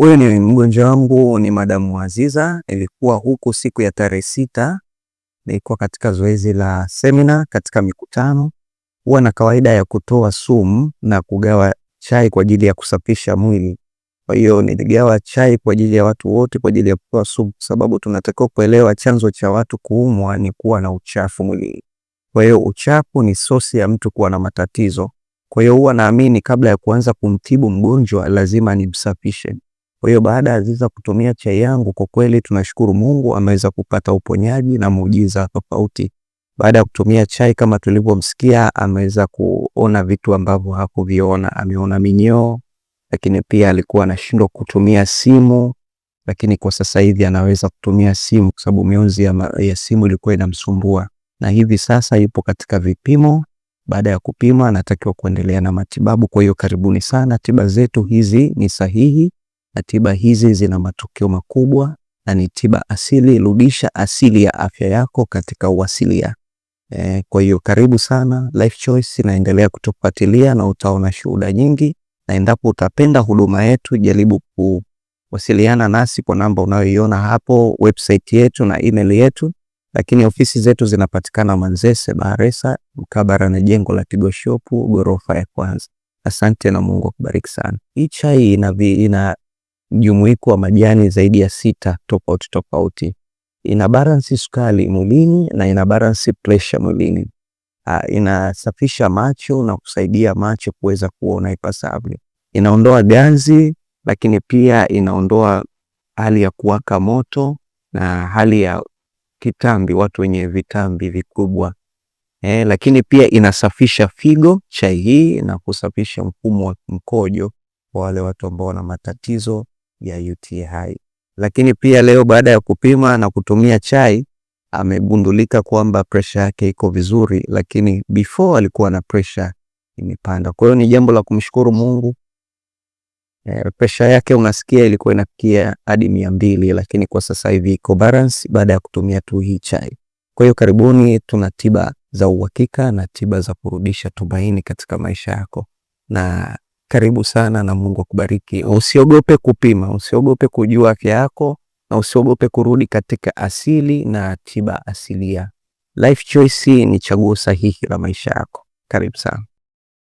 Huyu ni mgonjwa wangu, ni madamu Aziza. Ilikuwa huku siku ya tarehe sita, nilikuwa katika zoezi la semina katika mikutano. Huwa na kawaida ya kutoa sumu na kugawa chai kwa ajili ya kusafisha mwili. Kwa hiyo niligawa chai kwa ajili ya watu wote kwa ajili ya kutoa sumu, sababu tunatakiwa kuelewa chanzo cha watu kuumwa ni kuwa na uchafu mwilini. Kwa hiyo uchafu ni sosi ya mtu kuwa na matatizo. Kwa hiyo huwa naamini kabla ya kuanza kumtibu mgonjwa lazima nimsafishe. Kwa hiyo baada ya Aziza kutumia chai yangu, kwa kweli tunashukuru Mungu ameweza kupata uponyaji na muujiza tofauti. Baada ya kutumia chai kama tulivyomsikia, ameweza kuona vitu ambavyo hakuviona, ameona minyoo, lakini pia alikuwa anashindwa kutumia simu, lakini kwa sasa hivi anaweza kutumia simu kwa sababu mionzi ya, ya simu ilikuwa inamsumbua, na hivi sasa yupo katika vipimo. Baada ya kupima, anatakiwa kuendelea na matibabu. Kwa hiyo karibuni sana, tiba zetu hizi ni sahihi na tiba hizi zina matokeo makubwa na ni tiba asili. Rudisha asili ya afya yako katika uasilia. E, eh, kwa hiyo karibu sana Life Choice inaendelea kutufuatilia na utaona shuhuda nyingi, na endapo utapenda huduma yetu jaribu kuwasiliana nasi kwa namba unayoiona hapo, website yetu na email yetu. Lakini ofisi zetu zinapatikana Manzese Bahresa, mkabara na jengo la Tigo Shop ghorofa ya kwanza. Asante na Mungu akubariki sana. Hii chai ina, ina mjumuiko wa majani zaidi ya sita tofauti tofauti. Ina balance sukari mwilini na ina balance pressure mwilini. Uh, inasafisha macho na kusaidia macho kuweza kuona ipasavyo. Inaondoa ganzi, lakini pia inaondoa hali ya kuwaka moto na hali ya kitambi, watu wenye vitambi vikubwa eh, lakini pia inasafisha figo chai hii na kusafisha mfumo wa mkojo kwa wale watu ambao wana matatizo ya UTI. Lakini pia leo baada ya kupima na kutumia chai amegundulika kwamba presha yake iko vizuri, lakini before alikuwa na presha imepanda. Kwa hiyo ni jambo la kumshukuru Mungu. E, presha yake unasikia ilikuwa inafikia hadi mia mbili, lakini kwa sasa hivi iko balance baada ya kutumia tu hii chai. Kwa hiyo karibuni, tuna tiba za uhakika na tiba za kurudisha tumaini katika maisha yako na karibu sana na Mungu akubariki. Usiogope kupima, usiogope kujua afya yako, na usiogope kurudi katika asili na tiba asilia. Life Choice ni chaguo sahihi la maisha yako. Karibu sana.